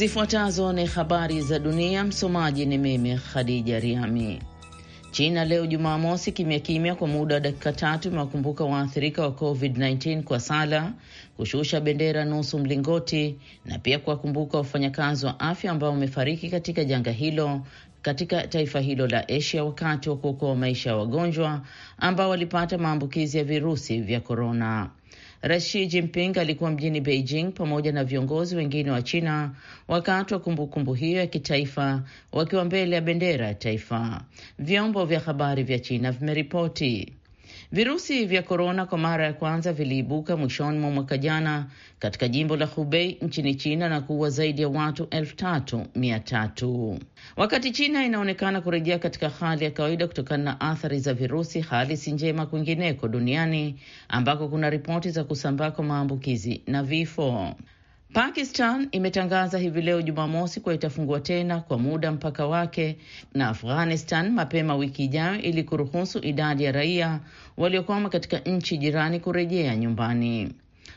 Zifuatazo ni habari za dunia. Msomaji ni mimi Khadija Riami. China leo Jumamosi, kimya kimya kwa muda wa dakika tatu imewakumbuka waathirika wa COVID-19 kwa sala, kushusha bendera nusu mlingoti na pia kuwakumbuka wafanyakazi wa afya ambao wamefariki katika janga hilo katika taifa hilo la Asia wakati wa kuokoa maisha ya wagonjwa ambao walipata maambukizi ya virusi vya korona. Rais Xi Jinping alikuwa mjini Beijing pamoja na viongozi wengine wa China wakati wa kumbukumbu hiyo ya kitaifa, wakiwa mbele ya bendera ya taifa. Vyombo vya habari vya China vimeripoti Virusi vya korona kwa mara ya kwanza viliibuka mwishoni mwa mwaka jana katika jimbo la Hubei nchini China na kuua zaidi ya watu elfu tatu mia tatu. Wakati China inaonekana kurejea katika hali ya kawaida kutokana na athari za virusi, hali si njema kwingineko duniani ambako kuna ripoti za kusambaa kwa maambukizi na vifo. Pakistan imetangaza hivi leo Jumamosi kuwa itafungua tena kwa muda mpaka wake na Afghanistan mapema wiki ijayo ili kuruhusu idadi ya raia waliokwama katika nchi jirani kurejea nyumbani.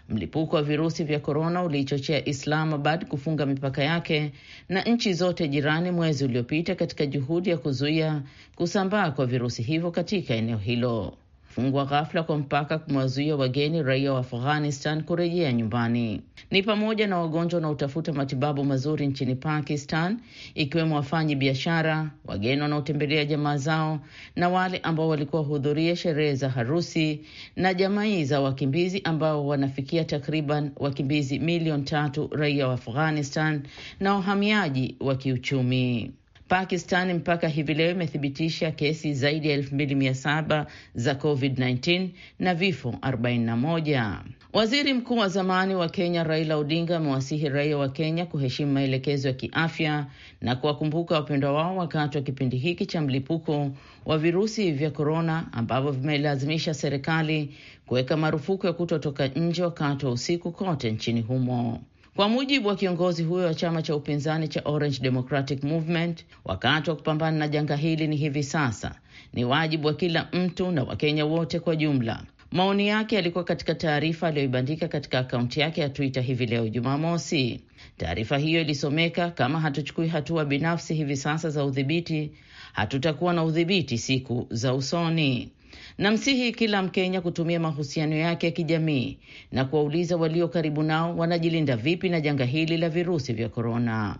Mlipuko wa virusi vya korona uliichochea Islamabad kufunga mipaka yake na nchi zote jirani mwezi uliopita katika juhudi ya kuzuia kusambaa kwa virusi hivyo katika eneo hilo kufungwa ghafla kwa mpaka kumewazuia wageni raia wa Afghanistan kurejea nyumbani, ni pamoja na wagonjwa wanaotafuta matibabu mazuri nchini Pakistan, ikiwemo wafanyi biashara, wageni wanaotembelea jamaa zao na wale ambao walikuwa wahudhuria sherehe za harusi na jamii za wakimbizi ambao wanafikia takriban wakimbizi milioni tatu raia wa Afghanistan na wahamiaji wa kiuchumi. Pakistan mpaka hivi leo imethibitisha kesi zaidi ya 2700 za COVID-19 na vifo 41. Waziri mkuu wa zamani wa Kenya Raila Odinga amewasihi raia wa Kenya kuheshimu maelekezo ya kiafya na kuwakumbuka wapendwa wao wakati wa kipindi hiki cha mlipuko wa virusi vya korona ambavyo vimelazimisha serikali kuweka marufuku ya kutotoka nje wakati wa usiku kote nchini humo. Kwa mujibu wa kiongozi huyo wa chama cha upinzani cha Orange Democratic Movement, wakati wa kupambana na janga hili ni hivi sasa, ni wajibu wa kila mtu na Wakenya wote kwa jumla. Maoni yake yalikuwa katika taarifa aliyoibandika katika akaunti yake ya Twitter hivi leo Jumamosi. Taarifa hiyo ilisomeka, kama hatuchukui hatua binafsi hivi sasa za udhibiti, hatutakuwa na udhibiti siku za usoni. Namsihi kila Mkenya kutumia mahusiano yake ya kijamii na kuwauliza walio karibu nao wanajilinda vipi na janga hili la virusi vya korona.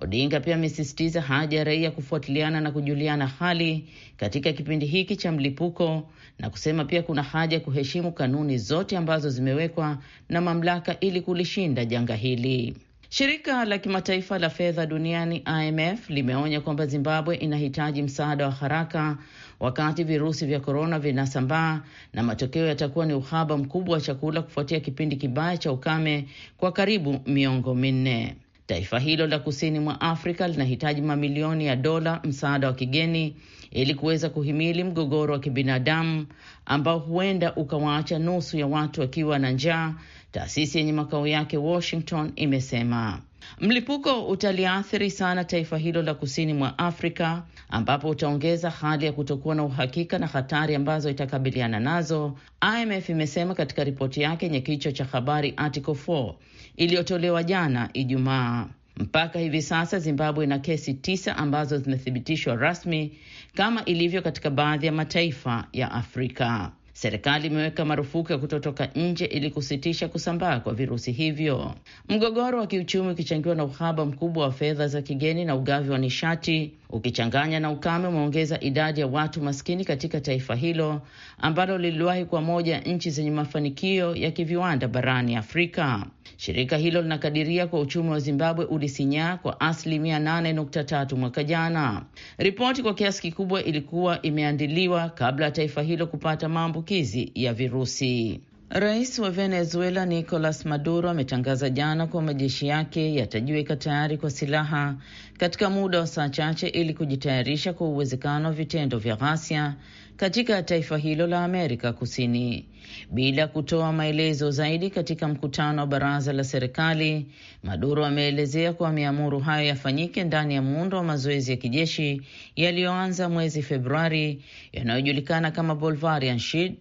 Odinga pia amesisitiza haja ya raia kufuatiliana na kujuliana hali katika kipindi hiki cha mlipuko na kusema pia kuna haja ya kuheshimu kanuni zote ambazo zimewekwa na mamlaka ili kulishinda janga hili. Shirika la kimataifa la fedha duniani IMF limeonya kwamba Zimbabwe inahitaji msaada wa haraka wakati virusi vya korona vinasambaa, na matokeo yatakuwa ni uhaba mkubwa wa chakula kufuatia kipindi kibaya cha ukame kwa karibu miongo minne. Taifa hilo la kusini mwa Afrika linahitaji mamilioni ya dola msaada wa kigeni ili kuweza kuhimili mgogoro wa kibinadamu ambao huenda ukawaacha nusu ya watu wakiwa na njaa, taasisi yenye makao yake Washington imesema. Mlipuko utaliathiri sana taifa hilo la kusini mwa Afrika ambapo utaongeza hali ya kutokuwa na uhakika na hatari ambazo itakabiliana nazo, IMF imesema katika ripoti yake yenye kichwa cha habari Article 4 iliyotolewa jana Ijumaa. Mpaka hivi sasa Zimbabwe ina kesi tisa ambazo zimethibitishwa rasmi kama ilivyo katika baadhi ya mataifa ya Afrika. Serikali imeweka marufuku ya kutotoka nje ili kusitisha kusambaa kwa virusi hivyo. Mgogoro wa kiuchumi ukichangiwa na uhaba mkubwa wa fedha za kigeni na ugavi wa nishati ukichanganya na ukame umeongeza idadi ya watu maskini katika taifa hilo ambalo liliwahi kuwa moja ya nchi zenye mafanikio ya kiviwanda barani Afrika. Shirika hilo linakadiria kwa uchumi wa Zimbabwe ulisinyaa kwa asilimia 8.3 mwaka jana. Ripoti kwa kiasi kikubwa ilikuwa imeandiliwa kabla ya taifa hilo kupata maambukizi ya virusi. Rais wa Venezuela Nicolas Maduro ametangaza jana kuwa majeshi yake yatajiweka tayari kwa silaha katika muda wa saa chache ili kujitayarisha kwa uwezekano wa vitendo vya ghasia katika taifa hilo la Amerika Kusini bila kutoa maelezo zaidi. Katika mkutano wa baraza la serikali, Maduro ameelezea kuwa ameamuru hayo yafanyike ndani ya muundo wa mazoezi ya kijeshi yaliyoanza mwezi Februari yanayojulikana kama Bolivarian Shield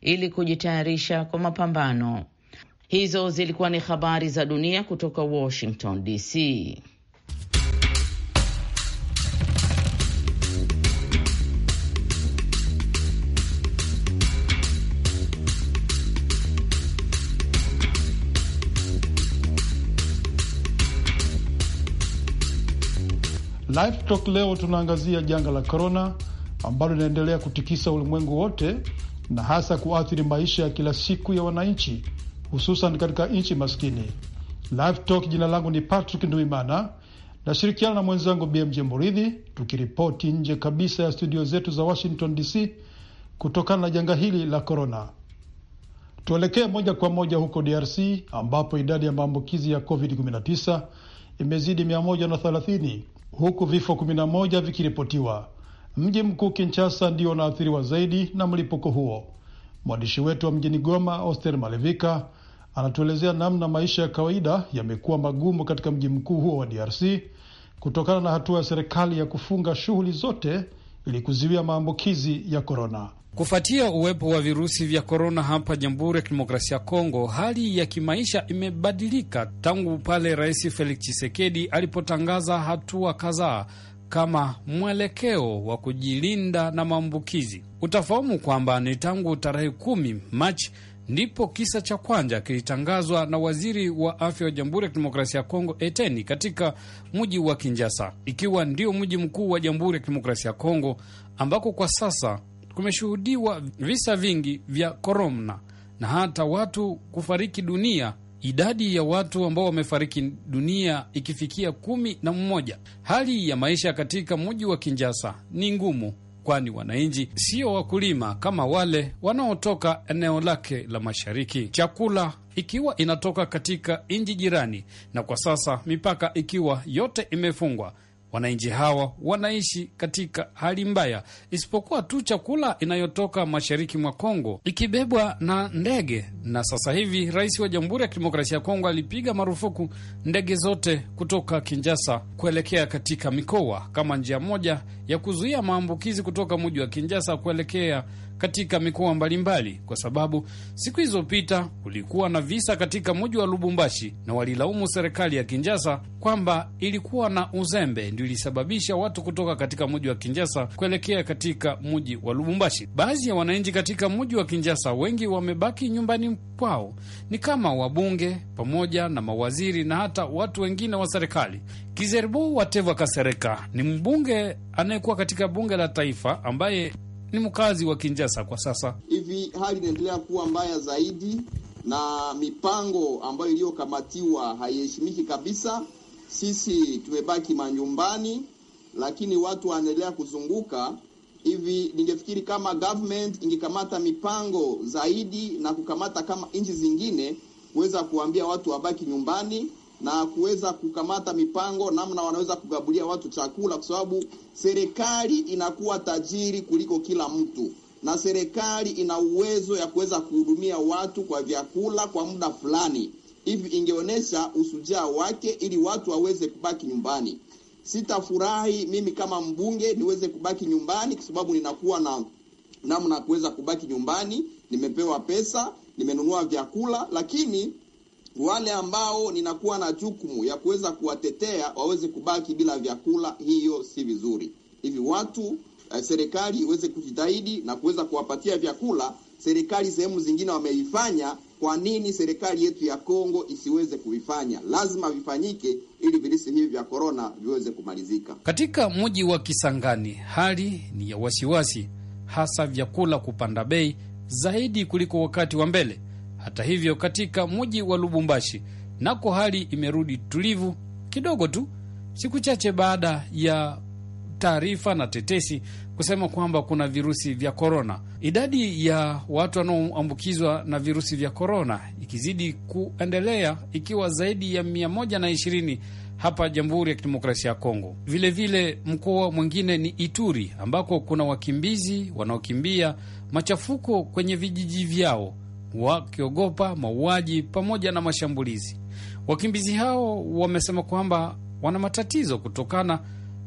ili kujitayarisha kwa mapambano. Hizo zilikuwa ni habari za dunia kutoka Washington DC. Live Talk leo tunaangazia janga la korona ambalo linaendelea kutikisa ulimwengu wote na hasa kuathiri maisha ya kila siku ya wananchi hususan katika nchi maskini. Live Talk, jina langu ni Patrick Nduimana, nashirikiana na mwenzangu BMJ Muridhi tukiripoti nje kabisa ya studio zetu za Washington DC kutokana na janga hili la korona. Tuelekee moja kwa moja huko DRC ambapo idadi ya maambukizi ya COVID-19 imezidi 130 huku vifo 11 vikiripotiwa. Mji mkuu Kinshasa ndio unaathiriwa zaidi na mlipuko huo. Mwandishi wetu wa mjini Goma, Oster Malevika, anatuelezea namna maisha ya kawaida yamekuwa magumu katika mji mkuu huo wa DRC kutokana na hatua ya serikali ya kufunga shughuli zote ili kuzuia maambukizi ya korona. Kufuatia uwepo wa virusi vya korona hapa Jamhuri ya Kidemokrasia ya Kongo, hali ya kimaisha imebadilika tangu pale Rais Felix Tshisekedi alipotangaza hatua kadhaa kama mwelekeo wa kujilinda na maambukizi. Utafahamu kwamba ni tangu tarehe kumi Machi ndipo kisa cha kwanza kilitangazwa na waziri wa afya wa Jamhuri ya Kidemokrasia ya Kongo Eteni katika mji wa Kinjasa, ikiwa ndio mji mkuu wa Jamhuri ya Kidemokrasia ya Kongo, ambako kwa sasa kumeshuhudiwa visa vingi vya korona na hata watu kufariki dunia, idadi ya watu ambao wamefariki dunia ikifikia kumi na mmoja. Hali ya maisha katika mji wa Kinjasa ni ngumu kwani wananchi sio wakulima kama wale wanaotoka eneo lake la mashariki, chakula ikiwa inatoka katika nchi jirani, na kwa sasa mipaka ikiwa yote imefungwa Wananchi hawa wanaishi katika hali mbaya, isipokuwa tu chakula inayotoka mashariki mwa Kongo ikibebwa na ndege. Na sasa hivi rais wa Jamhuri ya Kidemokrasia ya Kongo alipiga marufuku ndege zote kutoka Kinjasa kuelekea katika mikoa kama njia moja ya kuzuia maambukizi kutoka mji wa Kinjasa kuelekea katika mikoa mbalimbali, kwa sababu siku hizopita kulikuwa na visa katika mji wa Lubumbashi, na walilaumu serikali ya kinjasa kwamba ilikuwa na uzembe, ndio ilisababisha watu kutoka katika mji wa Kinjasa kuelekea katika mji wa Lubumbashi. Baadhi ya wananchi katika mji wa kinjasa wengi wamebaki nyumbani kwao, ni kama wabunge pamoja na mawaziri na hata watu wengine wa serikali. Kizerbo Wateva Kasereka ni mbunge anayekuwa katika bunge la taifa ambaye ni mkazi wa Kinjasa kwa sasa hivi. Hali inaendelea kuwa mbaya zaidi na mipango ambayo iliyokamatiwa haiheshimiki kabisa. Sisi tumebaki manyumbani, lakini watu wanaendelea kuzunguka hivi. Ningefikiri kama government ingekamata mipango zaidi na kukamata kama nchi zingine, kuweza kuambia watu wabaki nyumbani na kuweza kukamata mipango namna wanaweza kugabulia watu chakula, kwa sababu serikali inakuwa tajiri kuliko kila mtu, na serikali ina uwezo ya kuweza kuhudumia watu kwa vyakula kwa muda fulani hivi. Ingeonyesha usujaa wake ili watu waweze kubaki nyumbani. Sitafurahi mimi kama mbunge niweze kubaki nyumbani, kwa sababu ninakuwa na namna kuweza kubaki nyumbani. Nimepewa pesa, nimenunua vyakula, lakini wale ambao ninakuwa na jukumu ya kuweza kuwatetea waweze kubaki bila vyakula, hiyo si vizuri. Hivi watu eh, serikali iweze kujitahidi na kuweza kuwapatia vyakula. Serikali sehemu zingine wameifanya, kwa nini serikali yetu ya Kongo isiweze kuifanya? Lazima vifanyike ili virusi hivi vya korona viweze kumalizika. Katika mji wa Kisangani hali ni ya wasiwasi, hasa vyakula kupanda bei zaidi kuliko wakati wa mbele. Hata hivyo, katika mji wa Lubumbashi nako hali imerudi tulivu kidogo tu siku chache baada ya taarifa na tetesi kusema kwamba kuna virusi vya korona. Idadi ya watu wanaoambukizwa na virusi vya korona ikizidi kuendelea ikiwa zaidi ya mia moja na ishirini hapa Jamhuri ya Kidemokrasia ya Kongo. Vilevile mkoa mwingine ni Ituri ambako kuna wakimbizi wanaokimbia machafuko kwenye vijiji vyao wakiogopa mauaji pamoja na mashambulizi. Wakimbizi hao wamesema kwamba wana matatizo kutokana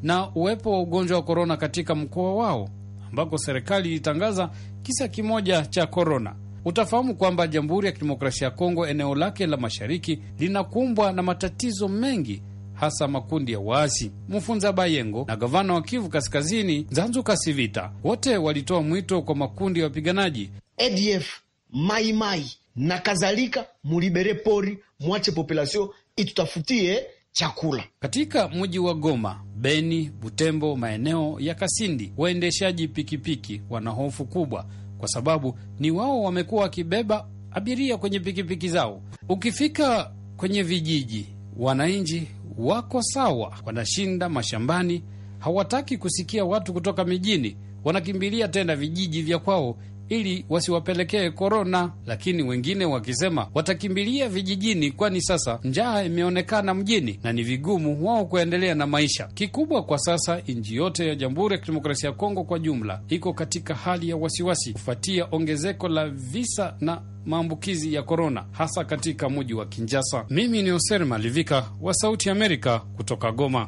na uwepo wa ugonjwa wa korona katika mkoa wao ambako serikali ilitangaza kisa kimoja cha korona. Utafahamu kwamba Jamhuri ya Kidemokrasia ya Kongo eneo lake la mashariki linakumbwa na matatizo mengi, hasa makundi ya waasi. Mfunza Bayengo na gavana wa Kivu Kaskazini Zanzu Kasivita wote walitoa mwito kwa makundi ya wapiganaji ADF maimai mai na kadhalika, mulibere pori, mwache populasio itutafutie chakula katika mji wa Goma, Beni, Butembo, maeneo ya Kasindi. Waendeshaji pikipiki wana hofu kubwa, kwa sababu ni wao wamekuwa wakibeba abiria kwenye pikipiki zao. Ukifika kwenye vijiji, wananchi wako sawa, wanashinda mashambani, hawataki kusikia watu kutoka mijini, wanakimbilia tena vijiji vya kwao ili wasiwapelekee korona, lakini wengine wakisema watakimbilia vijijini, kwani sasa njaa imeonekana mjini na ni vigumu wao kuendelea na maisha. Kikubwa kwa sasa, nchi yote ya Jamhuri ya Kidemokrasia ya Kongo kwa jumla iko katika hali ya wasiwasi kufuatia ongezeko la visa na maambukizi ya korona hasa katika mji wa Kinjasa. Mimi ni Oser Malivika wa Sauti Amerika kutoka Goma.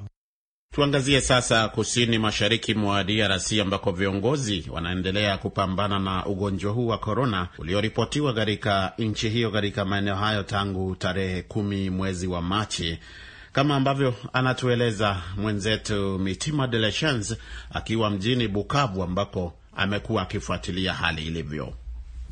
Tuangazie sasa kusini mashariki mwa DRC ambako viongozi wanaendelea kupambana na ugonjwa huu wa korona ulioripotiwa katika nchi hiyo katika maeneo hayo tangu tarehe kumi mwezi wa Machi, kama ambavyo anatueleza mwenzetu Mitima de la Chance akiwa mjini Bukavu ambako amekuwa akifuatilia hali ilivyo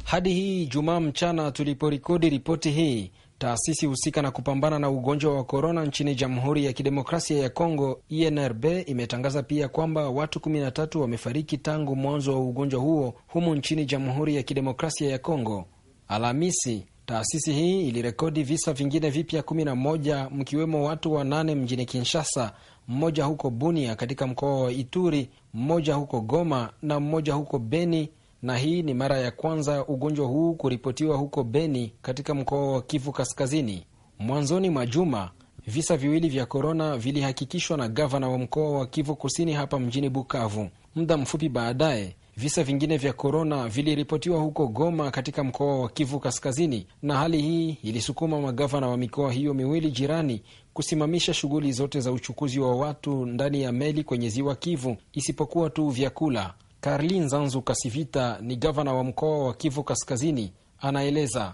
hadi hii Jumaa mchana tuliporikodi ripoti hii Taasisi husika na kupambana na ugonjwa wa korona nchini Jamhuri ya Kidemokrasia ya Kongo, INRB, imetangaza pia kwamba watu 13 wamefariki tangu mwanzo wa ugonjwa huo humu nchini Jamhuri ya Kidemokrasia ya Kongo. Alhamisi, taasisi hii ilirekodi visa vingine vipya 11 mkiwemo watu wanane mjini Kinshasa, mmoja huko Bunia katika mkoa wa Ituri, mmoja huko Goma na mmoja huko Beni na hii ni mara ya kwanza ugonjwa huu kuripotiwa huko Beni katika mkoa wa Kivu Kaskazini. Mwanzoni mwa juma visa viwili vya korona vilihakikishwa na gavana wa mkoa wa Kivu Kusini hapa mjini Bukavu. Muda mfupi baadaye visa vingine vya korona viliripotiwa huko Goma katika mkoa wa Kivu Kaskazini, na hali hii ilisukuma magavana wa mikoa hiyo miwili jirani kusimamisha shughuli zote za uchukuzi wa watu ndani ya meli kwenye ziwa Kivu isipokuwa tu vyakula. Karlin Zanzu Kasivita ni gavana wa mkoa wa Kivu Kaskazini Anaeleza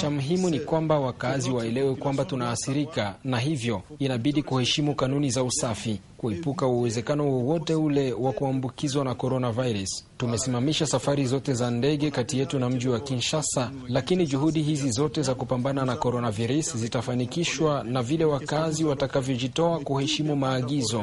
cha muhimu ni kwamba wakazi waelewe kwamba tunaathirika, na hivyo inabidi kuheshimu kanuni za usafi, kuepuka uwezekano wowote ule wa kuambukizwa na coronavirus. Tumesimamisha safari zote za ndege kati yetu na mji wa Kinshasa, lakini juhudi hizi zote za kupambana na coronavirus zitafanikishwa na vile wakazi watakavyojitoa kuheshimu maagizo.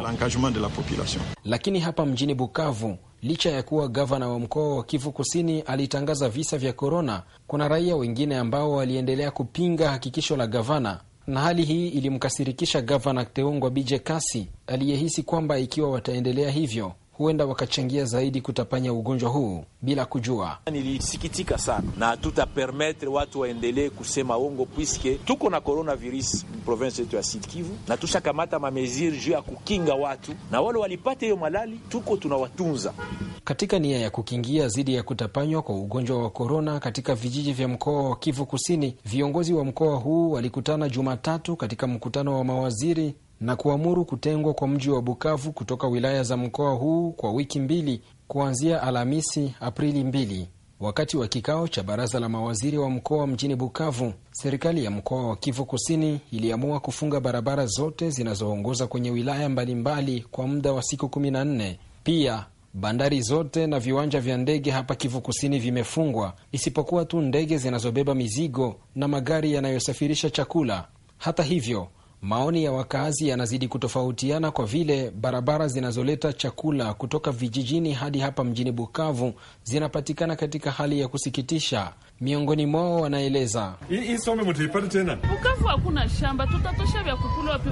Lakini hapa mjini Bukavu Licha ya kuwa gavana wa mkoa wa Kivu Kusini alitangaza visa vya korona, kuna raia wengine ambao waliendelea kupinga hakikisho la gavana, na hali hii ilimkasirikisha gavana Teungwa Bije Kasi aliyehisi kwamba ikiwa wataendelea hivyo huenda wakachangia zaidi kutapanya ugonjwa huu bila kujua. Nilisikitika sana na tutapermetre watu waendelee kusema ongo, puiske tuko na coronavirus province yetu ya Sud Kivu na tushakamata mameziri juu ya kukinga watu, na wale walipata hiyo malali tuko tunawatunza katika nia ya kukingia dhidi ya kutapanywa kwa ugonjwa wa korona katika vijiji vya mkoa wa Kivu Kusini. Viongozi wa mkoa huu walikutana Jumatatu katika mkutano wa mawaziri na kuamuru kutengwa kwa mji wa Bukavu kutoka wilaya za mkoa huu kwa wiki mbili kuanzia Alhamisi Aprili mbili. Wakati wa kikao cha baraza la mawaziri wa mkoa mjini Bukavu, serikali ya mkoa wa Kivu Kusini iliamua kufunga barabara zote zinazoongoza kwenye wilaya mbalimbali kwa muda wa siku kumi na nne. Pia bandari zote na viwanja vya ndege hapa Kivu Kusini vimefungwa isipokuwa tu ndege zinazobeba mizigo na magari yanayosafirisha chakula. Hata hivyo Maoni ya wakazi yanazidi kutofautiana kwa vile barabara zinazoleta chakula kutoka vijijini hadi hapa mjini Bukavu zinapatikana katika hali ya kusikitisha. Miongoni mwao wanaeleza hii mtaipata tena Bukavu, hakuna shamba, tutatosha vya kukula wapi?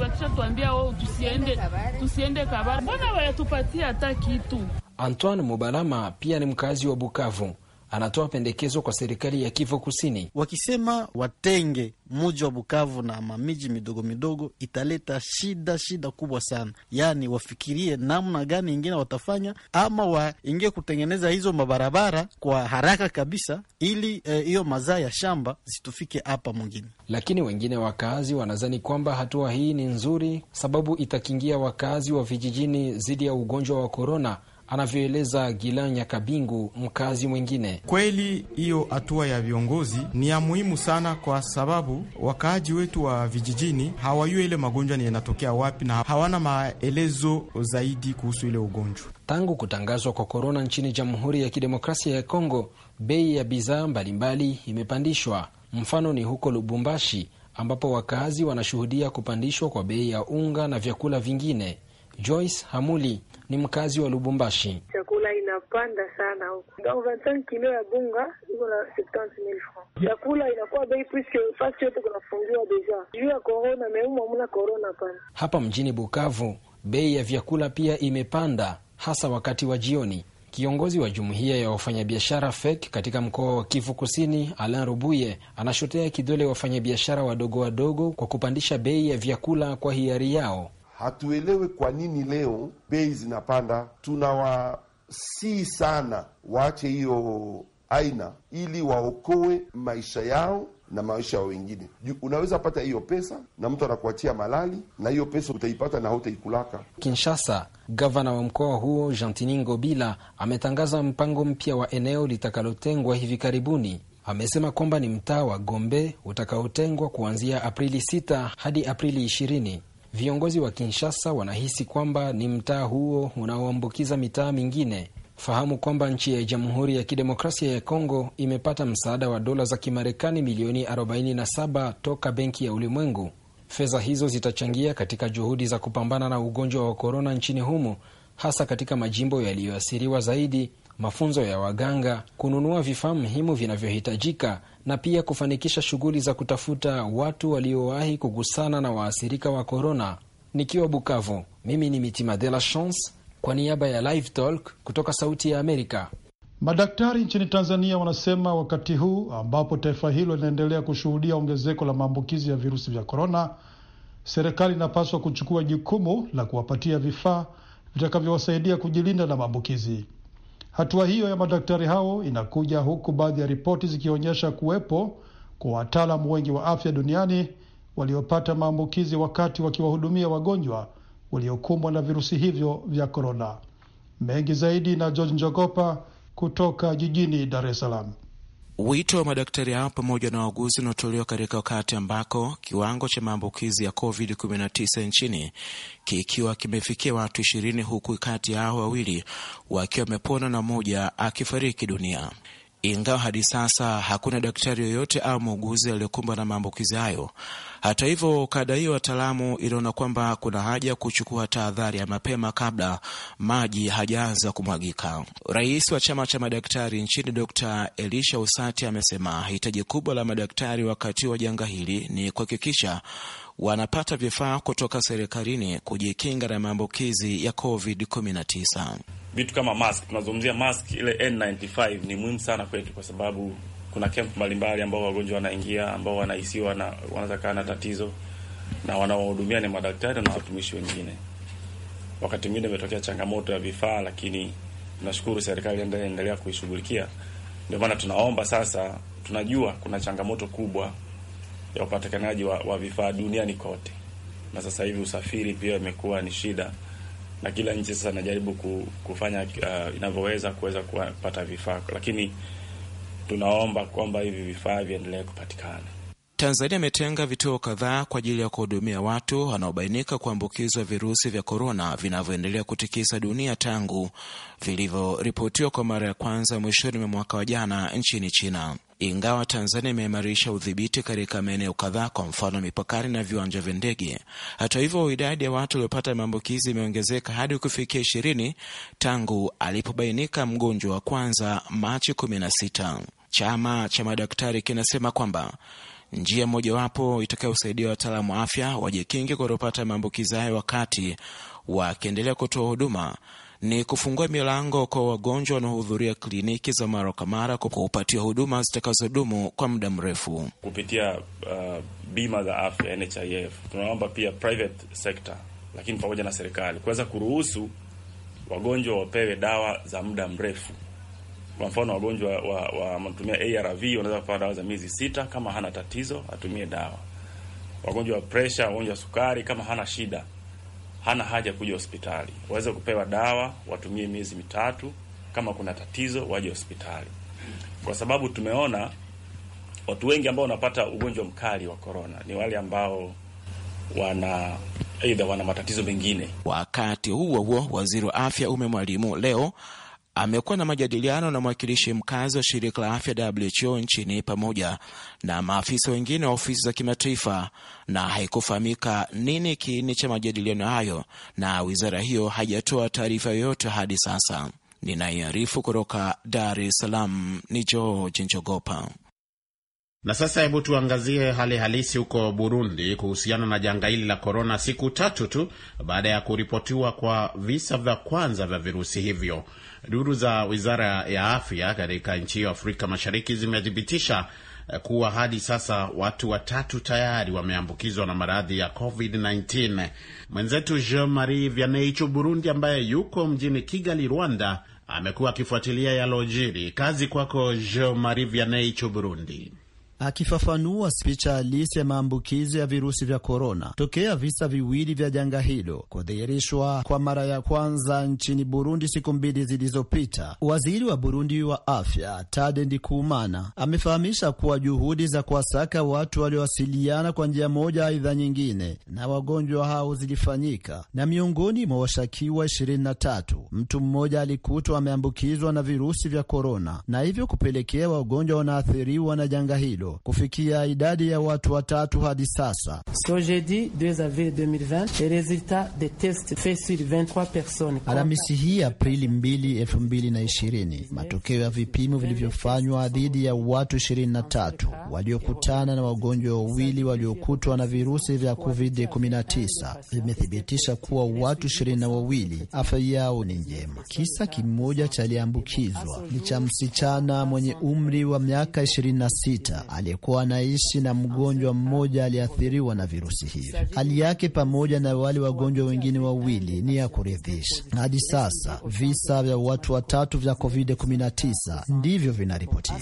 Oh, tusiende, tusiende Kabare, mbona wayatupatia hata kitu? Antoine Mubalama pia ni mkazi wa Bukavu anatoa pendekezo kwa serikali ya Kivu Kusini, wakisema watenge muji wa Bukavu na mamiji midogo midogo, italeta shida shida kubwa sana. Yaani wafikirie namna gani ingine watafanya, ama waingie kutengeneza hizo mabarabara kwa haraka kabisa, ili eh, hiyo eh, mazaa ya shamba zitufike hapa mwingine. Lakini wengine wakaazi wanazani kwamba hatua hii ni nzuri, sababu itakingia wakaazi wa vijijini dhidi ya ugonjwa wa korona anavyoeleza Gilanya Kabingu, mkazi mwingine. Kweli hiyo hatua ya viongozi ni ya muhimu sana, kwa sababu wakaaji wetu wa vijijini hawajui ile magonjwa ni yanatokea wapi na hawana maelezo zaidi kuhusu ile ugonjwa. Tangu kutangazwa kwa korona nchini Jamhuri ya Kidemokrasia ya Kongo, bei ya bidhaa mbalimbali imepandishwa. Mfano ni huko Lubumbashi ambapo wakazi wanashuhudia kupandishwa kwa bei ya unga na vyakula vingine. Joyce Hamuli ni mkazi wa Lubumbashi. Chakula inapanda sana huku, kilo ya bunga iko na chakula inakuwa bei puisque fasi yote kunafungiwa deja juu ya korona meuma hamuna korona pana. Hapa mjini Bukavu bei ya vyakula pia imepanda hasa wakati wa jioni. Kiongozi wa jumuiya ya wafanyabiashara FEK katika mkoa wa Kivu Kusini, Alain Rubuye, anashotea kidole wafanyabiashara wadogo wadogo kwa kupandisha bei ya vyakula kwa hiari yao hatuelewe kwa nini leo bei zinapanda. Tunawasihi sana waache hiyo aina ili waokoe maisha yao na maisha ya wengine. Unaweza pata hiyo pesa na mtu anakuachia malali, na hiyo pesa utaipata na hautaikulaka. Kinshasa, gavana wa mkoa huo Jantini Ngobila ametangaza mpango mpya wa eneo litakalotengwa hivi karibuni. Amesema kwamba ni mtaa wa Gombe utakaotengwa kuanzia Aprili 6 hadi Aprili Viongozi wa Kinshasa wanahisi kwamba ni mtaa huo unaoambukiza mitaa mingine. Fahamu kwamba nchi ya Jamhuri ya Kidemokrasia ya Kongo imepata msaada wa dola za Kimarekani milioni 47 toka Benki ya Ulimwengu. Fedha hizo zitachangia katika juhudi za kupambana na ugonjwa wa korona nchini humo, hasa katika majimbo yaliyoathiriwa zaidi mafunzo ya waganga, kununua vifaa muhimu vinavyohitajika na pia kufanikisha shughuli za kutafuta watu waliowahi kugusana na waathirika wa korona. Nikiwa Bukavu, mimi ni Mitima de la Chance kwa niaba ya Live Talk kutoka Sauti ya Amerika. Madaktari nchini Tanzania wanasema wakati huu ambapo taifa hilo linaendelea kushuhudia ongezeko la maambukizi ya virusi vya korona, serikali inapaswa kuchukua jukumu la kuwapatia vifaa vitakavyowasaidia kujilinda na maambukizi. Hatua hiyo ya madaktari hao inakuja huku baadhi ya ripoti zikionyesha kuwepo kwa wataalamu wengi wa afya duniani waliopata maambukizi wakati wakiwahudumia wagonjwa waliokumbwa na virusi hivyo vya korona. Mengi zaidi na George Njogopa kutoka jijini Dar es Salaam. Wito wa madaktari hao pamoja na wauguzi unaotolewa katika wakati ambako kiwango cha maambukizi ya COVID-19 nchini kikiwa kimefikia watu ishirini huku kati ya hao wawili wakiwa wamepona na mmoja akifariki dunia ingawa hadi sasa hakuna daktari yoyote au muuguzi aliyokumbwa na maambukizi hayo. Hata hivyo, kada hiyo wataalamu iliona kwamba kuna haja ya kuchukua tahadhari ya mapema kabla maji hajaanza kumwagika. Rais wa chama cha madaktari nchini Dr Elisha Usati amesema hitaji kubwa la madaktari wakati wa janga hili ni kuhakikisha wanapata vifaa kutoka serikalini kujikinga na maambukizi ya COVID-19. Vitu kama mask, tunazungumzia mask ile N95 ni muhimu sana kwetu kwa sababu kuna kempu mbalimbali ambao wagonjwa wanaingia ambao wanahisiwa na wanaweza kaa na tatizo na wanaohudumia ni madaktari na watumishi wengine. Wakati mwingine imetokea changamoto ya vifaa, lakini tunashukuru serikali endelea kuishughulikia. Ndio maana tunaomba sasa, tunajua kuna changamoto kubwa ya upatikanaji wa, wa vifaa duniani kote, na sasa hivi usafiri pia imekuwa ni shida, na kila nchi sasa inajaribu kufanya uh, inavyoweza kuweza kupata vifaa, lakini tunaomba kwamba hivi vifaa viendelee kupatikana. Tanzania imetenga vituo kadhaa kwa ajili ya kuhudumia watu wanaobainika kuambukizwa virusi vya korona vinavyoendelea kutikisa dunia tangu vilivyoripotiwa kwa mara ya kwanza mwishoni mwa mwaka wa jana nchini China. Ingawa Tanzania imeimarisha udhibiti katika maeneo kadhaa, kwa mfano mipakani na viwanja vya ndege. Hata hivyo, idadi ya watu waliopata maambukizi imeongezeka hadi kufikia ishirini tangu alipobainika mgonjwa wa kwanza Machi kumi sita. Chama cha madaktari kinasema kwamba njia mojawapo itakayosaidia wataalamu wa afya wajikinge kutopata maambukizi hayo wakati wakiendelea kutoa huduma ni kufungua milango kwa wagonjwa wanaohudhuria kliniki za mara kwa mara kwa kupatiwa huduma zitakazodumu kwa muda mrefu kupitia uh, bima za afya NHIF. Tunaomba pia private sector, lakini pamoja na serikali kuweza kuruhusu wagonjwa wapewe dawa za muda mrefu. Kwa mfano wagonjwa wanatumia wa, ARV wanaweza kupewa dawa za miezi sita, kama hana tatizo atumie dawa. Wagonjwa wa presha, wagonjwa wa sukari, kama hana shida hana haja kuja hospitali, waweze kupewa dawa, watumie miezi mitatu, kama kuna tatizo waje hospitali, kwa sababu tumeona watu wengi ambao wanapata ugonjwa mkali wa korona ni wale ambao wana aidha wana matatizo mengine. Wakati huo huo, waziri wa afya Ummy Mwalimu leo amekuwa na majadiliano na mwakilishi mkazi wa shirika la afya WHO nchini pamoja na maafisa wengine wa ofisi za kimataifa, na haikufahamika nini kiini cha majadiliano hayo, na wizara hiyo haijatoa taarifa yoyote hadi sasa. Ninaiarifu kutoka Dar es Salaam ni George Njogopa. Na sasa hebu tuangazie hali halisi huko Burundi kuhusiana na janga hili la korona, siku tatu tu baada ya kuripotiwa kwa visa vya kwanza vya virusi hivyo. Duru za wizara ya afya katika nchi hiyo Afrika Mashariki zimethibitisha eh, kuwa hadi sasa watu watatu tayari wameambukizwa na maradhi ya COVID-19. Mwenzetu Jean Marie Vianney Burundi, ambaye yuko mjini Kigali, Rwanda, amekuwa akifuatilia yalojiri. Kazi kwako, Jean Marie Vianney Burundi. Akifafanua, spicha halisi ya maambukizi ya virusi vya korona tokea visa viwili vya janga hilo kudhihirishwa kwa mara ya kwanza nchini Burundi siku mbili zilizopita, waziri wa Burundi wa afya Tade Ndikumana amefahamisha kuwa juhudi za kuwasaka watu waliowasiliana kwa njia moja aidha nyingine na wagonjwa hao zilifanyika, na miongoni mwa washakiwa 23 mtu mmoja alikutwa ameambukizwa na virusi vya korona na hivyo kupelekea wagonjwa wanaathiriwa na janga hilo hilo kufikia idadi ya watu watatu hadi sasa. So jeudi 2 avril 2020 les des tests sur 23 personnes. Alhamisi hii Aprili 2, 2020 matokeo ya vipimo vilivyofanywa dhidi ya watu 23 waliokutana na wagonjwa wawili waliokutwa na virusi vya COVID-19 vimethibitisha kuwa watu ishirini wawili afya yao ni njema. Kisa kimoja chaliambukizwa ni cha msichana mwenye umri wa miaka 26 aliyekuwa anaishi na mgonjwa mmoja aliyeathiriwa na virusi hivi. Hali yake pamoja na wale wagonjwa wengine wawili ni ya kuridhisha. Hadi sasa visa vya watu watatu vya COVID-19 ndivyo vinaripotiwa.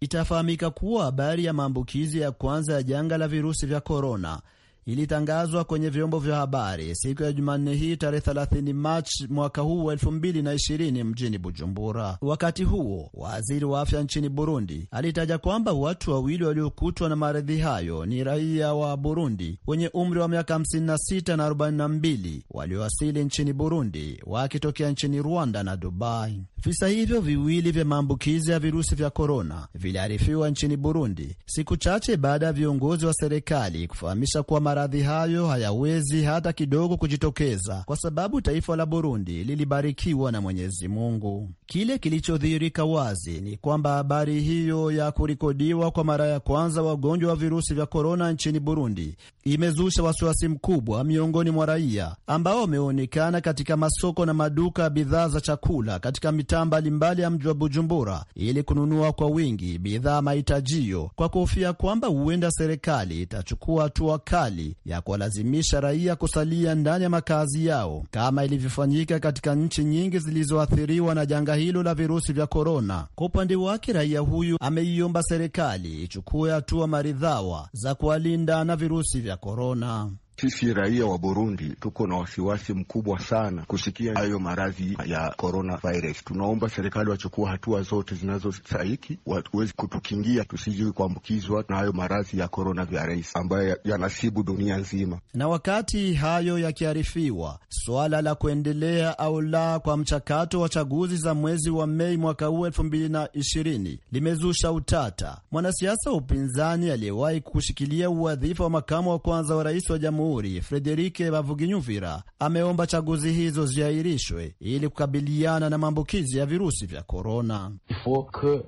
Itafahamika kuwa habari ya maambukizi ya kwanza ya janga la virusi vya korona ilitangazwa kwenye vyombo vya habari siku ya Jumanne hii tarehe 30 Machi mwaka huu wa 2020 mjini Bujumbura. Wakati huo waziri wa afya nchini Burundi alitaja kwamba watu wawili waliokutwa na maradhi hayo ni raia wa Burundi wenye umri wa miaka 56 na 42 waliowasili nchini Burundi wakitokea nchini Rwanda na Dubai. Visa hivyo viwili vya maambukizi ya virusi vya korona viliarifiwa nchini Burundi siku chache baada ya viongozi wa serikali kufahamisha kuwa maradhi hayo hayawezi hata kidogo kujitokeza kwa sababu taifa la Burundi lilibarikiwa na Mwenyezi Mungu. Kile kilichodhihirika wazi ni kwamba habari hiyo ya kurikodiwa kwa mara ya kwanza wagonjwa wa virusi vya korona nchini Burundi imezusha wasiwasi mkubwa miongoni mwa raia ambao wameonekana katika masoko na maduka ya bidhaa za chakula katika mitaa mbalimbali ya mji wa Bujumbura ili kununua kwa wingi bidhaa mahitajio kwa kuhofia kwamba huenda serikali itachukua hatua kali serikali ya kuwalazimisha raia kusalia ndani ya makazi yao kama ilivyofanyika katika nchi nyingi zilizoathiriwa na janga hilo la virusi vya korona. Kwa upande wake, raia huyu ameiomba serikali ichukue hatua maridhawa za kuwalinda na virusi vya korona. Sisi raia wa Burundi tuko na wasiwasi mkubwa sana kusikia hayo maradhi ya corona virus. Tunaomba serikali wachukua hatua zote zinazostahiki waweze kutukingia tusije kuambukizwa na hayo maradhi ya corona virus ambayo yanasibu dunia nzima. Na wakati hayo yakiarifiwa, swala la kuendelea au la kwa mchakato wa chaguzi za mwezi wa Mei mwaka huu elfu mbili na ishirini limezusha utata. Mwanasiasa wa upinzani aliyewahi kushikilia uwadhifa wa makamu wa kwanza wa rais wa jamhuri Jamhuri Frederik Bavuginyuvira ameomba chaguzi hizo ziahirishwe ili kukabiliana na maambukizi ya virusi vya korona. Euh,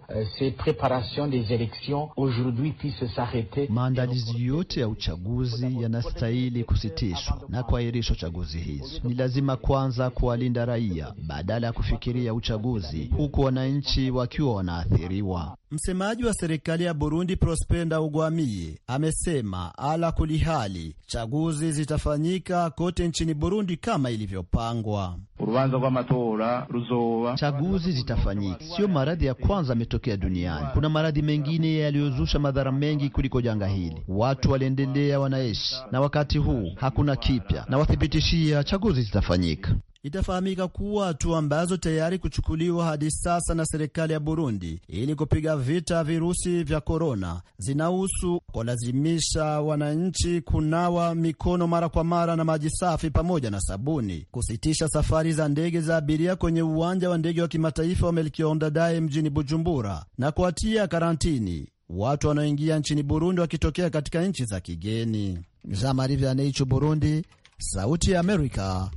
Maandalizi yote ya uchaguzi yanastahili kusitishwa na kuahirishwa chaguzi hizo. Ni lazima kwanza kuwalinda raia badala ya kufikiria uchaguzi, huku wananchi wakiwa wanaathiriwa. Msemaji wa serikali ya Burundi Prosper Ndaugwamiye amesema ala kuli hali chaguzi zitafanyika kote nchini Burundi kama ilivyopangwa. Urubanza kwa matora ruzoba, chaguzi zitafanyika. Siyo maradhi ya kwanza ametokea duniani, kuna maradhi mengine yaliyozusha madhara mengi kuliko janga hili. Watu waliendelea wanaishi, na wakati huu hakuna kipya, na wathibitishia chaguzi zitafanyika. Itafahamika kuwa hatua ambazo tayari kuchukuliwa hadi sasa na serikali ya Burundi ili kupiga vita virusi vya korona zinahusu kulazimisha wananchi kunawa mikono mara kwa mara na maji safi pamoja na sabuni, kusitisha safari za ndege za abiria kwenye uwanja wa ndege wa kimataifa wa Melchior Ndadaye mjini Bujumbura na kuatia karantini watu wanaoingia nchini Burundi wakitokea katika nchi za kigeni. Jean Marie Vianney, Burundi, Sauti ya Amerika,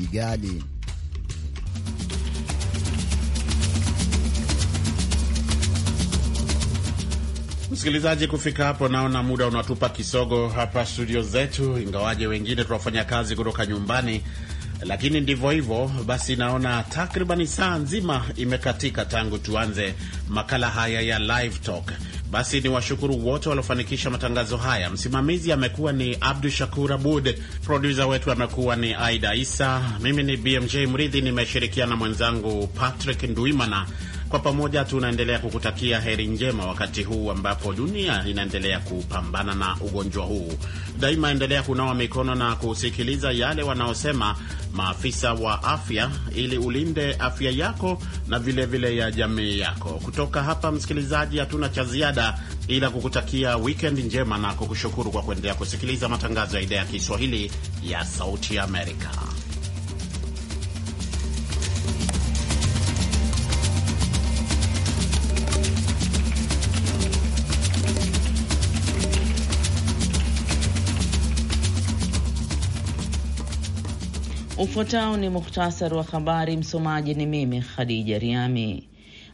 Kigali. Msikilizaji, kufika hapo, naona muda unatupa kisogo hapa studio zetu, ingawaje wengine tunafanya kazi kutoka nyumbani, lakini ndivyo hivyo. Basi naona takribani saa nzima imekatika tangu tuanze makala haya ya Live Talk basi ni washukuru wote waliofanikisha matangazo haya. Msimamizi amekuwa ni Abdu Shakur Abud, produsa wetu amekuwa ni Aida Isa, mimi ni BMJ Mridhi, nimeshirikiana na mwenzangu Patrick Nduimana. Kwa pamoja tunaendelea kukutakia heri njema wakati huu ambapo dunia inaendelea kupambana na ugonjwa huu. Daima endelea kunawa mikono na kusikiliza yale wanaosema maafisa wa afya ili ulinde afya yako na vilevile vile ya jamii yako. Kutoka hapa, msikilizaji, hatuna cha ziada ila kukutakia wkend njema na kukushukuru kwa kuendelea kusikiliza matangazo ya idhaa ya Kiswahili ya Sauti Amerika. Ufuatao ni muhtasari wa habari. Msomaji ni mimi Khadija Riami.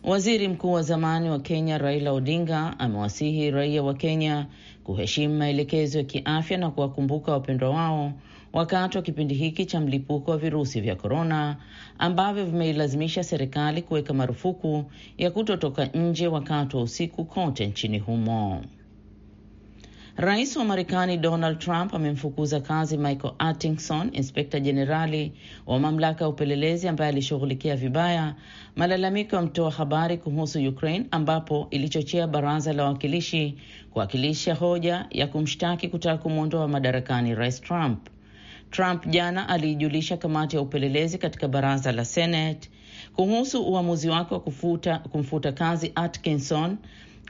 Waziri mkuu wa zamani wa Kenya Raila Odinga amewasihi raia wa Kenya kuheshimu maelekezo ya kiafya na kuwakumbuka wapendwa wao wakati wa kipindi hiki cha mlipuko wa virusi vya korona ambavyo vimeilazimisha serikali kuweka marufuku ya kutotoka nje wakati wa usiku kote nchini humo. Rais wa Marekani Donald Trump amemfukuza kazi Michael Atkinson, inspekta jenerali wa mamlaka ya upelelezi ambaye alishughulikia vibaya malalamiko ya mtoa habari kuhusu Ukraine, ambapo ilichochea baraza la wawakilishi kuwakilisha hoja ya kumshtaki kutaka kumwondoa madarakani Rais Trump. Trump jana aliijulisha kamati ya upelelezi katika baraza la Senate kuhusu uamuzi wake wa kumfuta kazi Atkinson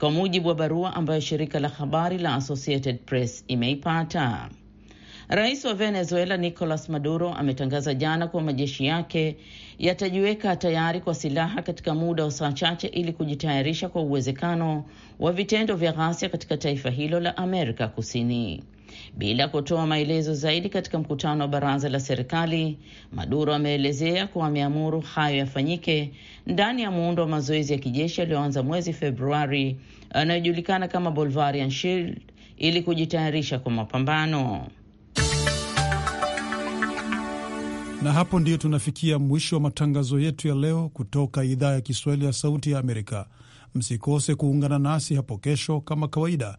kwa mujibu wa barua ambayo shirika la habari la Associated Press imeipata. Rais wa Venezuela Nicolas Maduro ametangaza jana kuwa majeshi yake yatajiweka tayari kwa silaha katika muda wa saa chache ili kujitayarisha kwa uwezekano wa vitendo vya ghasia katika taifa hilo la Amerika Kusini bila kutoa maelezo zaidi katika mkutano wa baraza la serikali. Maduro ameelezea kuwa ameamuru hayo yafanyike ndani ya muundo wa mazoezi ya kijeshi yaliyoanza mwezi Februari anayojulikana kama Bolivarian Shield ili kujitayarisha kwa mapambano. Na hapo ndiyo tunafikia mwisho wa matangazo yetu ya leo kutoka idhaa ya Kiswahili ya Sauti ya Amerika. Msikose kuungana nasi hapo kesho kama kawaida